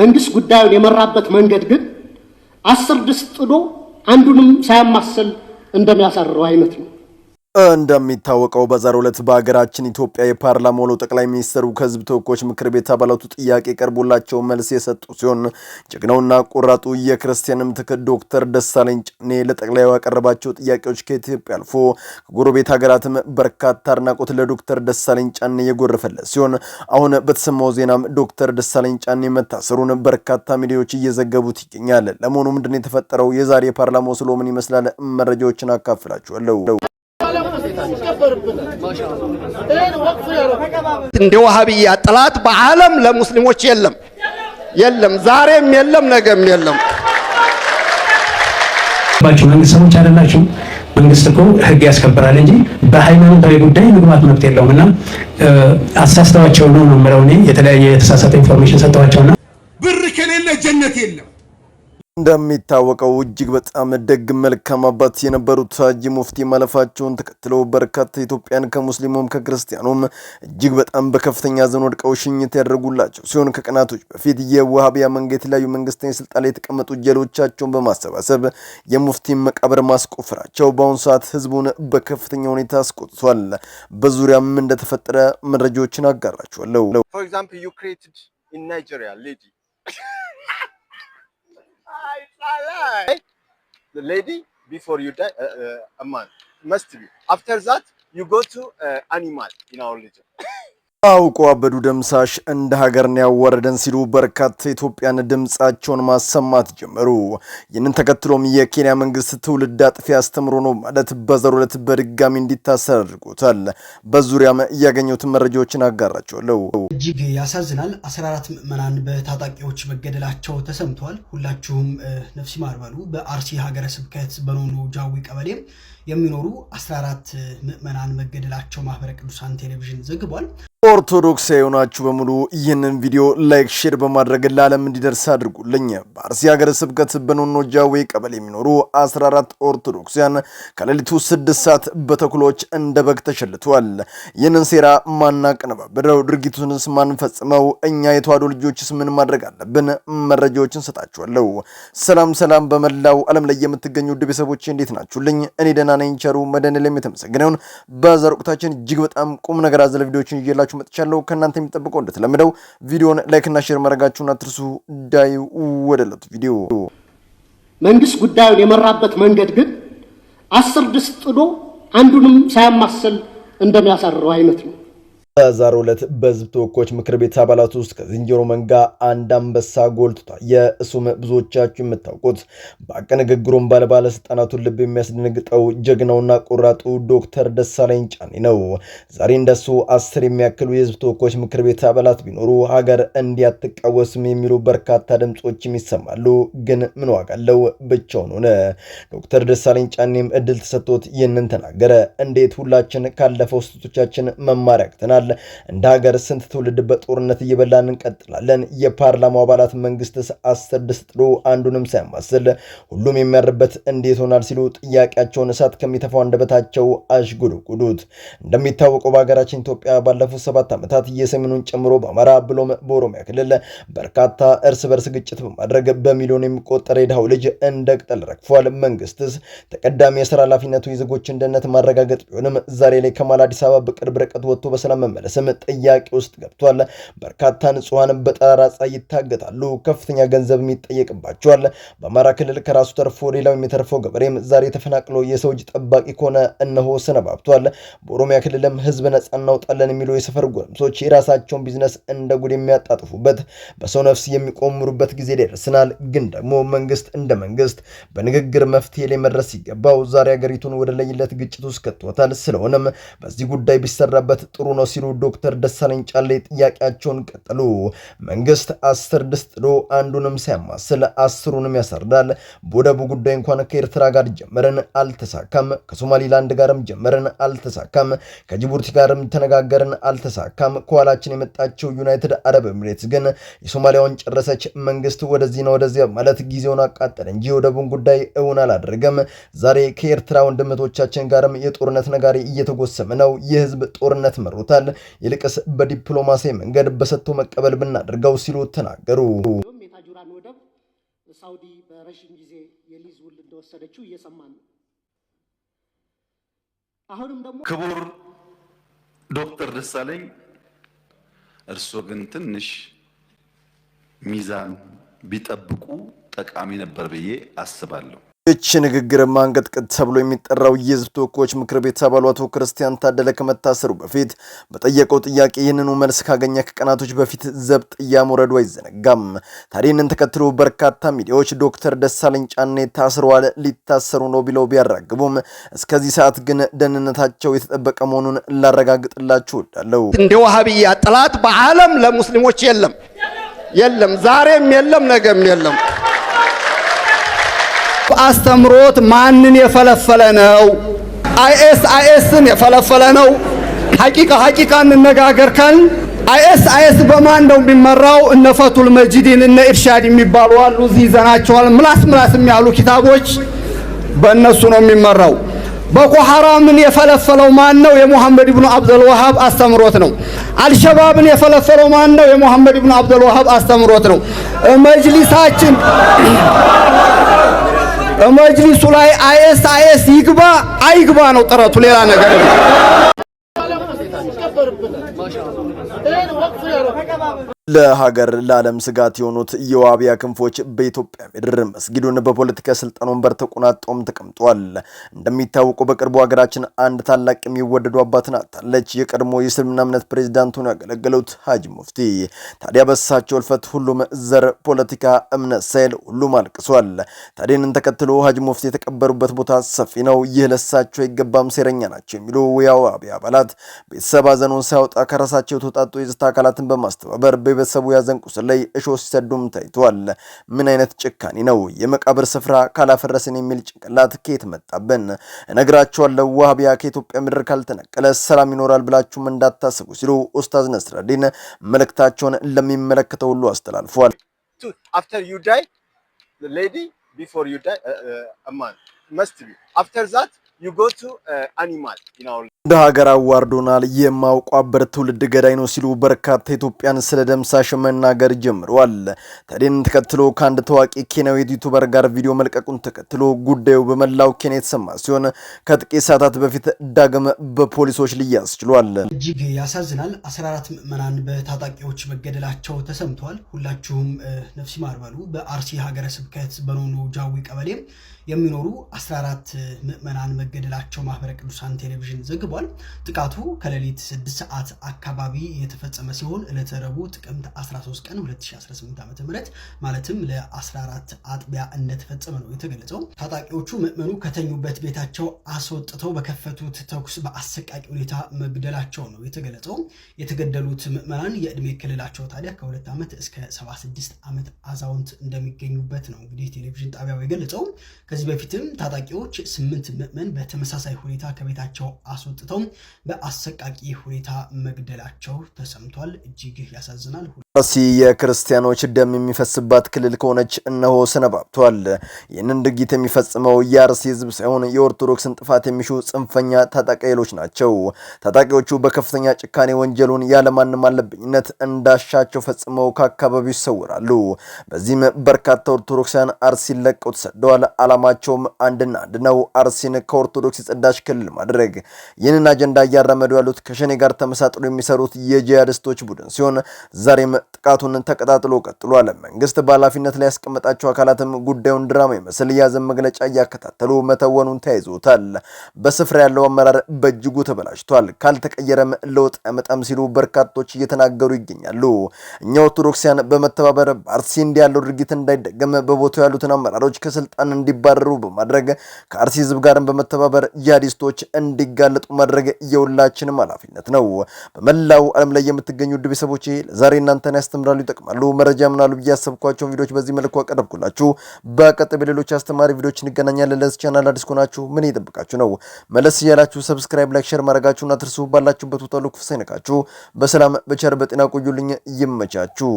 መንግስት ጉዳዩን የመራበት መንገድ ግን አስር ድስት ጥዶ አንዱንም ሳያማስል እንደሚያሳርረው አይነት ነው። እንደሚታወቀው በዛሬው ዕለት በሀገራችን ኢትዮጵያ የፓርላማ ውሎ ጠቅላይ ሚኒስትሩ ከህዝብ ተወካዮች ምክር ቤት አባላቱ ጥያቄ ቀርቦላቸው መልስ የሰጡ ሲሆን ጀግናውና ቆራጡ የክርስቲያን ምትክ ዶክተር ደሳለኝ ጫኔ ለጠቅላዩ ያቀረባቸው ጥያቄዎች ከኢትዮጵያ አልፎ ከጎረቤት ሀገራትም በርካታ አድናቆት ለዶክተር ደሳለኝ ጫኔ የጎረፈለት ሲሆን አሁን በተሰማው ዜናም ዶክተር ደሳለኝ ጫኔ መታሰሩን በርካታ ሚዲያዎች እየዘገቡት ይገኛል። ለመሆኑ ምንድን የተፈጠረው? የዛሬ የፓርላማ ውሎ ምን ይመስላል? መረጃዎችን አካፍላችኋለሁ። እንደ ወሃቢያ ጥላት በዓለም ለሙስሊሞች የለም የለም፣ ዛሬም የለም፣ ነገም የለም። መንግስት ሰዎች አይደላችሁም። መንግስት እኮ ህግ ያስከብራል እንጂ በሃይማኖታዊ ጉዳይ መግባት መብት የለውም። እና አሳስተዋቸው ነው ነው ምረው እኔ የተለያየ የተሳሳተ ኢንፎርሜሽን ሰጥተዋቸውና ብር ከሌለ ጀነት የለም። እንደሚታወቀው እጅግ በጣም ደግ መልካም አባት የነበሩት ሀጂ ሙፍቲ ማለፋቸውን ተከትሎ በርካታ ኢትዮጵያን ከሙስሊሙም ከክርስቲያኑም እጅግ በጣም በከፍተኛ ዘን ወድቀው ሽኝት ያደርጉላቸው ሲሆን ከቀናቶች በፊት የውሃቢያ መንገድ የተለያዩ መንግስታዊ ስልጣን ላይ የተቀመጡ ጀሎቻቸውን በማሰባሰብ የሙፍቲን መቃብር ማስቆፈራቸው በአሁኑ ሰዓት ህዝቡን በከፍተኛ ሁኔታ አስቆጥቷል። በዙሪያም እንደተፈጠረ መረጃዎችን አጋራችኋለሁ። the lady before you die, uh, uh, a man. Must be. After that, you go to uh, animal in our religion. አውቆ አበዱ ደምሳሽ እንደ ሀገርን ያወረደን ሲሉ በርካታ ኢትዮጵያን ድምፃቸውን ማሰማት ጀመሩ። ይህንን ተከትሎም የኬንያ መንግስት ትውልድ አጥፊ አስተምሮ ነው ማለት በዘሮ ዕለት በድጋሚ እንዲታሰር አድርጎታል። በዙሪያም ያገኘሁትን መረጃዎችን አጋራቸዋለሁ። እጅግ ያሳዝናል። 14 ምዕመናን በታጣቂዎች መገደላቸው ተሰምተዋል። ሁላችሁም ነፍሲ ማር በሉ። በአርሲ ሀገረ ስብከት በኖኖ ጃዊ ቀበሌ የሚኖሩ 14 ምዕመናን መገደላቸው ማህበረ ቅዱሳን ቴሌቪዥን ዘግቧል። ኦርቶዶክስ የሆናችሁ በሙሉ ይህንን ቪዲዮ ላይክ፣ ሼር በማድረግ ለዓለም እንዲደርስ አድርጉልኝ። በአርሲ ሀገረ ስብከት በኖኖ ጃዊ ቀበሌ የሚኖሩ 14 ኦርቶዶክሲያን ከሌሊቱ 6 ሰዓት በተኩሎች እንደ በግ ተሸልተዋል። ይህንን ሴራ ማናቀነባበረው? ድርጊቱንስ ማን ፈጽመው? እኛ የተዋሕዶ ልጆችስ ምን ማድረግ አለብን? መረጃዎችን ሰጣችኋለሁ። ሰላም ሰላም! በመላው ዓለም ላይ የምትገኙ ውድ እንዴት ናችሁልኝ? እኔ ደና እና ናይንቸሩ መድኃኔዓለም የተመሰገነውን በዛሬው ቆይታችን እጅግ በጣም ቁም ነገር አዘለ ቪዲዮዎችን እየላችሁ መጥቻለሁ። ከእናንተ የሚጠብቀው እንደተለመደው ቪዲዮን ላይክና ሼር ማድረጋችሁን አትርሱ። ዳይ ወደለት ቪዲዮ መንግስት ጉዳዩን የመራበት መንገድ ግን አስር ድስት ጥዶ አንዱንም ሳያማስል እንደሚያሳርረው አይነት ነው። በዛሬው ዕለት በህዝብ ተወካዮች ምክር ቤት አባላት ውስጥ ከዝንጀሮ መንጋ አንድ አንበሳ ጎልቶ ታየ። እሱም ብዙዎቻችሁ የምታውቁት በአቀንግግሩም ባለባለስልጣናቱን ልብ የሚያስደነግጠው ጀግናውና ቆራጡ ዶክተር ደሳለኝ ጫኔ ነው። ዛሬ እንደሱ አስር የሚያክሉ የህዝብ ተወካዮች ምክር ቤት አባላት ቢኖሩ ሀገር እንዲያትቃወስም የሚሉ በርካታ ድምፆችም ይሰማሉ። ግን ምን ዋጋ አለው? ብቻውን ሆነ። ዶክተር ደሳለኝ ጫኔም እድል ተሰጥቶት ይህንን ተናገረ። እንዴት ሁላችን ካለፈው ስህተቶቻችን መማር ያቅተናል ይሆናል? እንደ ሀገር ስንት ትውልድ በጦርነት እየበላን እንቀጥላለን? የፓርላማው አባላት መንግስትስ አስር ድስት ጥሎ አንዱንም ሳያማስል ሁሉም የሚያርበት እንዴት ሆናል? ሲሉ ጥያቄያቸውን እሳት ከሚተፋው አንደበታቸው አሽጉድጉዱት። እንደሚታወቀው በሀገራችን ኢትዮጵያ ባለፉት ሰባት ዓመታት የሰሜኑን ጨምሮ በአማራ ብሎም በኦሮሚያ ክልል በርካታ እርስ በርስ ግጭት በማድረግ በሚሊዮን የሚቆጠር የድሃው ልጅ እንደ ቅጠል ረግፏል። መንግስትስ ተቀዳሚ የስራ ኃላፊነቱ የዜጎችን ደህንነት ማረጋገጥ ቢሆንም ዛሬ ላይ ከማል አዲስ አበባ በቅርብ ርቀት ወጥቶ በሰላም መመለስም ጥያቄ ውስጥ ገብቷል። በርካታ ንጹሐን በጠራራ ፀሐይ ይታገታሉ፣ ከፍተኛ ገንዘብም ይጠየቅባቸዋል። በአማራ ክልል ከራሱ ተርፎ ሌላው የሚተርፈው ገበሬም ዛሬ ተፈናቅሎ የሰው እጅ ጠባቂ ከሆነ እነሆ ሰነባብቷል። በኦሮሚያ ክልልም ህዝብ ነጻ እናውጣለን የሚለው የሰፈር ጎረምሶች የራሳቸውን ቢዝነስ እንደ ጉድ የሚያጣጥፉበት በሰው ነፍስ የሚቆምሩበት ጊዜ ደርስናል። ግን ደግሞ መንግስት እንደ መንግስት በንግግር መፍትሄ ላይ መድረስ ሲገባው ዛሬ ሀገሪቱን ወደ ለይለት ግጭት ውስጥ ከቶታል። ስለሆነም በዚህ ጉዳይ ቢሰራበት ጥሩ ነው ሲሉ ሲሉ ዶክተር ደሳለኝ ጫሌ ጥያቄያቸውን ቀጠሉ። መንግስት አስር ድስት ጥዶ አንዱንም ሳያማስል አስሩንም ያሰርዳል። በወደቡ ጉዳይ እንኳን ከኤርትራ ጋር ጀመርን አልተሳካም፣ ከሶማሊላንድ ጋርም ጀመርን አልተሳካም፣ ከጅቡቲ ጋርም ተነጋገርን አልተሳካም። ከኋላችን የመጣቸው ዩናይትድ አረብ ኤምሬትስ ግን የሶማሊያውን ጨረሰች። መንግስት ነው ወደዚያ ማለት ጊዜውን አቃጠለ እንጂ የወደቡን ጉዳይ እውን አላደረገም። ዛሬ ከኤርትራ ወንድምቶቻችን ጋርም የጦርነት ነጋሪ እየተጎሰመ ነው። የህዝብ ጦርነት መሮታል። ይልቅስ በዲፕሎማሲ መንገድ በሰጥቶ መቀበል ብናደርገው ሲሉ ተናገሩ። የታጁራን ወደብ ሳውዲ በረዥም ጊዜ የሊዝ ውል እንደወሰደችው እየሰማ ነው። አሁንም ደግሞ ክቡር ዶክተር ደሳለኝ እርስዎ ግን ትንሽ ሚዛን ቢጠብቁ ጠቃሚ ነበር ብዬ አስባለሁ። ይህች ንግግር ማንቀጥቀጥ ተብሎ የሚጠራው የህዝብ ተወካዮች ምክር ቤት አባሉ አቶ ክርስቲያን ታደለ ከመታሰሩ በፊት በጠየቀው ጥያቄ ይህንኑ መልስ ካገኘ ከቀናቶች በፊት ዘብጥ እያመረዱ አይዘነጋም። ታዲያ ይህንን ተከትሎ በርካታ ሚዲያዎች ዶክተር ደሳለኝ ጫኔ ታስረዋል፣ ሊታሰሩ ነው ብለው ቢያራግቡም እስከዚህ ሰዓት ግን ደህንነታቸው የተጠበቀ መሆኑን ላረጋግጥላችሁ እወዳለሁ። እንደ ዋሃብያ ጥላት በዓለም ለሙስሊሞች የለም የለም፣ ዛሬም የለም፣ ነገም የለም። አስተምሮት ማንን የፈለፈለ ነው? አይኤስ አይኤስን የፈለፈለ ነው። ሐቂቃ ሐቂቃ እንነጋገር ካል አይኤስ አይኤስ በማን ነው የሚመራው? እነ ፈቱል መጂዲን እነ ኢርሻድ የሚባሉ አሉ። እዚህ ይዘናቸዋል። ምላስ ምላስ የሚያሉ ኪታቦች በእነሱ ነው የሚመራው። ቦኮ ሐራምን የፈለፈለው ማን ነው? የሙሐመድ ብኑ አብዱል ወሃብ አስተምሮት ነው። አልሸባብን የፈለፈለው ማን ነው? የሙሐመድ ብኑ አብዱል ወሃብ አስተምሮት ነው። መጅሊሳችን መጅሊሱ ላይ አይኤስ አይኤስ ይግባ አይግባ ነው ጥረቱ። ሌላ ነገር ለሀገር ለዓለም ስጋት የሆኑት የዋቢያ ክንፎች በኢትዮጵያ ምድር መስጊዱን በፖለቲካ ስልጣን ወንበር ተቆናጦም ተቀምጧል። እንደሚታወቁ በቅርቡ ሀገራችን አንድ ታላቅ የሚወደዱ አባትን አጣለች። የቀድሞ የእስልምና እምነት ፕሬዚዳንቱን ያገለገሉት ሀጅ ሙፍቲ። ታዲያ በሳቸው እልፈት ሁሉም ዘር፣ ፖለቲካ፣ እምነት ሳይል ሁሉም አልቅሷል። ታዲያንን ተከትሎ ሀጅ ሙፍቲ የተቀበሩበት ቦታ ሰፊ ነው። ይህ ለሳቸው አይገባም፣ ሴረኛ ናቸው የሚሉ የዋቢያ አባላት ቤተሰብ ሀዘኑን ሳያወጣ ከራሳቸው የተወጣጡ የጸጥታ አካላትን በማስተባበር በቤተሰቡ ያዘን ቁስል ላይ እሾ ሲሰዱም ታይቷል። ምን አይነት ጭካኔ ነው? የመቃብር ስፍራ ካላፈረስን የሚል ጭንቅላት ከየት መጣብን? እነግራቸዋለሁ ዋህቢያ ከኢትዮጵያ ምድር ካልተነቀለ ሰላም ይኖራል ብላችሁም እንዳታስቡ ሲሉ ኡስታዝ ነስረዲን መልእክታቸውን ለሚመለከተው ሁሉ አስተላልፏል። አፍተር ዩ ዳይ ሌዲ ቢፎር ዩ ዳይ ማን መስት ቢ አፍተር ዛት Uh, እንደ ሀገር አዋርዶናል፣ የማውቋበር ትውልድ ገዳይ ነው ሲሉ በርካታ ኢትዮጵያን ስለ ደምሳሽ መናገር ጀምረዋል። ታዲያን ተከትሎ ከአንድ ታዋቂ ኬንያዊ ዩቱበር ጋር ቪዲዮ መልቀቁን ተከትሎ ጉዳዩ በመላው ኬንያ የተሰማ ሲሆን ከጥቂት ሰዓታት በፊት ዳግም በፖሊሶች ሊያዝ ችሏል። እጅግ ያሳዝናል። 14 ምዕመናን በታጣቂዎች መገደላቸው ተሰምተዋል። ሁላችሁም ነፍሲ ማርበሉ በአርሲ ሀገረ ስብከት በኖኖ ጃዊ ቀበሌ የሚኖሩ 14 ምዕመናን ገደላቸው ማህበረ ቅዱሳን ቴሌቪዥን ዘግቧል። ጥቃቱ ከሌሊት 6 ሰዓት አካባቢ የተፈጸመ ሲሆን ዕለተ ረቡዕ ጥቅምት 13 ቀን 2018 ዓ.ም ማለትም ለ14 አጥቢያ እንደተፈጸመ ነው የተገለጸው። ታጣቂዎቹ ምዕመኑ ከተኙበት ቤታቸው አስወጥተው በከፈቱት ተኩስ በአሰቃቂ ሁኔታ መግደላቸው ነው የተገለጸው። የተገደሉት ምዕመናን የዕድሜ ክልላቸው ታዲያ ከሁለት ዓመት እስከ 76 ዓመት አዛውንት እንደሚገኙበት ነው እንግዲህ ቴሌቪዥን ጣቢያው የገለጸው። ከዚህ በፊትም ታጣቂዎች ስምንት ምዕመን በተመሳሳይ ሁኔታ ከቤታቸው አስወጥተው በአሰቃቂ ሁኔታ መግደላቸው ተሰምቷል። እጅግ ያሳዝናል። አርሲ የክርስቲያኖች ደም የሚፈስባት ክልል ከሆነች እነሆ ሰነባብቷል። ይህንን ድርጊት የሚፈጽመው የአርሲ ህዝብ ሳይሆን የኦርቶዶክስን ጥፋት የሚሹ ጽንፈኛ ታጣቂ ኃይሎች ናቸው። ታጣቂዎቹ በከፍተኛ ጭካኔ ወንጀሉን ያለማንም አለብኝነት እንዳሻቸው ፈጽመው ከአካባቢው ይሰውራሉ። በዚህም በርካታ ኦርቶዶክሳውያን አርሲን ለቀው ተሰደዋል። አላማቸውም አንድና አንድ ነው፣ አርሲን ከኦርቶዶክስ የጸዳች ክልል ማድረግ። ይህንን አጀንዳ እያራመዱ ያሉት ከሸኔ ጋር ተመሳጥሎ የሚሰሩት የጂሃዲስቶች ቡድን ሲሆን ዛሬም ጥቃቱን ተቀጣጥሎ ቀጥሏል። መንግስት በኃላፊነት ላይ ያስቀመጣቸው አካላትም ጉዳዩን ድራማ ይመስል የያዘን መግለጫ እያከታተሉ መተወኑን ተያይዞታል። በስፍራ ያለው አመራር በእጅጉ ተበላሽቷል፣ ካልተቀየረም ለውጥ መጣም ሲሉ በርካቶች እየተናገሩ ይገኛሉ። እኛ ኦርቶዶክሲያን በመተባበር በአርሲ እንዲህ ያለው ድርጊት እንዳይደገም በቦታው ያሉትን አመራሮች ከስልጣን እንዲባረሩ በማድረግ ከአርሲ ህዝብ ጋርም በመተባበር ጂሃዲስቶች እንዲጋለጡ ማድረግ የሁላችንም ኃላፊነት ነው። በመላው ዓለም ላይ የምትገኙ ውድ ቤተሰቦቼ ለዛሬ እናንተ እናንተን ያስተምራሉ፣ ይጠቅማሉ፣ መረጃ ምናሉ ብዬ ያሰብኳቸውን ቪዲዮዎች በዚህ መልኩ አቀረብኩላችሁ። በቀጥ በሌሎች አስተማሪ ቪዲዮዎች እንገናኛለን። ለዚህ ቻናል አዲስ ከሆናችሁ ምን እየጠበቃችሁ ነው? መለስ እያላችሁ ሰብስክራይብ፣ ላይክ፣ ማድረጋችሁ ማድረጋችሁን አትርሱ። ባላችሁበት ቦታ ሁሉ ክፉ ሳይነካችሁ በሰላም በቸር በጤና ቆዩልኝ። ይመቻችሁ።